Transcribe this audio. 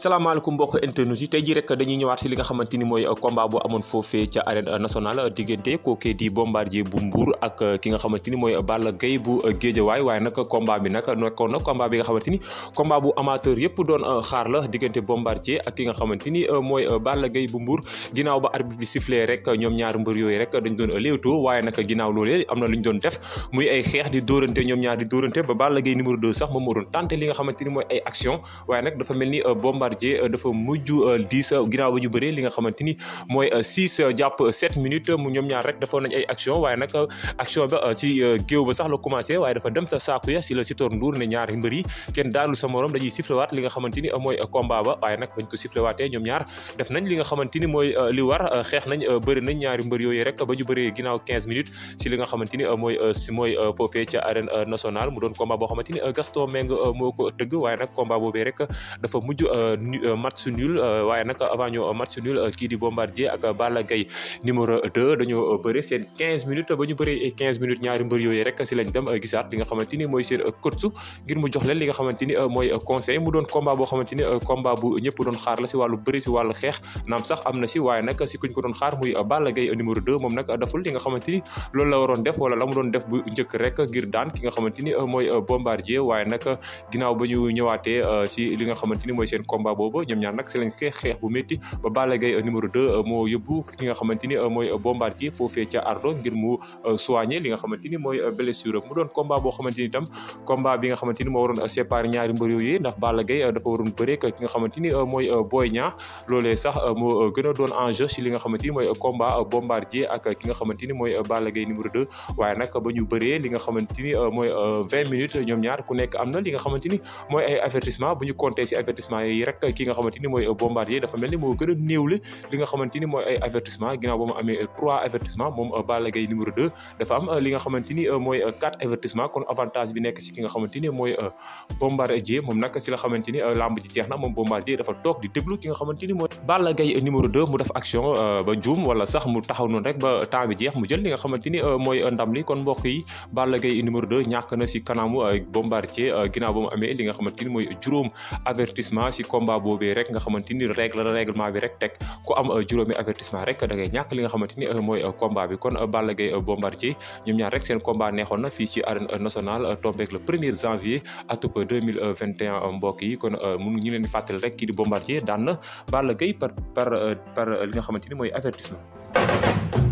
salaamaaleykum mbokk internet yi tey jii rek dañuy ñëwaat si li nga xamante ni mooy combat bu amoon foofee ca arène nationale diggante kookee bu mbuur ak ki nga xamante ni mooy Balla Gaye bu géejawaay waaye nag combat bi nag nekkoon na combat bi nga xamante ni combat bu amateur yëpp doon xaar la diggante bombardier ak ki nga xamante ni mooy bala gay bu mbuur ginnaaw ba arbitre bi sifflé rek ñoom ñaar mbër yooyu rek dañ doon léewtoo waaye nag ginnaaw loolee am na lu ñu doon def muy ay xeex di dóorante ñoom ñaar di dóorante ba Balla Gaye numéro 2 sax moom moo doon tenté li nga xamante ni mooy ay action waaye nag dafa mel ni bombardier Bombardier euh, dafa mujj euh, diis euh, ginnaaw ba ñu bëree li nga xamante ni mooy six jàpp sept minutes mu ñoom ñaar rek dafa nañ ay action waaye nag action ba ci géew ba sax la commencé waaye dafa dem sa saaku ya si la si toor nduur ne ñaari mbër yi kenn daalul sa morom dañuy sifflewaat li nga xamante ni mooy combat ba waaye nag bañ ko sifflewaatee ñoom ñaar def nañ li nga xamante ni mooy ñaari mbër yooyu rek ba ñu bëree ginnaaw quinze minutes si li nga xamante ni mooy si mooy foofee ca arène nationale mu doon combat boo xamante ni Gaston Meng moo ko tëgg waaye Euh, match nul euh, waaye nag avant ñu match nul euh, kii di Bombardier ak Balla Gaye numéro 2 dañoo bëre seen 15 minutes ba ñu bëree 15 minutes ñaari mbër yooyu rek si lañ dem gisaat li nga xamante ni mooy seen coach li nga xamante ni mooy conseil mu doon combat boo xamante ni combat bu ñëpp doon xaar la si wàllu bëri si wàllu xeex naam sax am na si waaye nag ko doon xaar muy Balla Gaye numéro 2 moom nag daful li nga xamante ni loolu la waroon def wala la mu doon def bu njëkk rek ngir ki nga xamante ni mooy Bombardier waaye nag ginnaaw ba ñu ñëwaatee si li nga xamante ni mooy seen combat combat boobu ñoom ñaar nag si lañ xeex xeex bu métti ba Balla Gaye euh, numéro 2 euh, moo yóbbu ki nga xamante ni euh, mooy bombardier foofee li nga xamante ni mooy blessure mu doon combat boo xamante ni a doon enjeu ba ñu bëree li nga xamante ni mooy vingt minutes ñoom ñaar ku nekk am na li nga xamante mooy avertissement bu ñu si avertissement yi rek nag ki nga xamante ni mooy bombardier dafa mel ni a néewle li nga xamante ni mooy ay avertissement ginnaaw ba mu amee trois avertissement moom euh, Balla Gaye numéro deux dafa am euh, li nga xamante ni euh, mooy avertissement moom nag si la xamante ni lamb ji jeex na moom bombardier di déglu ki nga xamante ni mooy Balla Gaye numéro deux mu def action ba juum wala sax mu taxaw noonu rek ba temps bi jeex mu jël li nga xamante ni mooy ndam li kon mbokk yi Balla Gaye numéro deux ñàkk na si kanamu bombardier ginnaaw ba mu amee li nga xamante ni mooy juróom avertissement si combat combat boobee rek nga xamante ni règle règlement bi rek teg ku am euh, juróomi avertissement rek da ngay ñàkk li nga xamante ni euh, mooy euh, combat bi kon Balla Gaye Bombardier ñoom ñaar rek seen combat neexoon na fii ci arène nationale tombeek le premier janvier atub 2021 mbokk yi kon mun ñu leen di fàttali rek kii di Bombardier daan na Balla Gaye par par li nga xamante ni mooy avertissement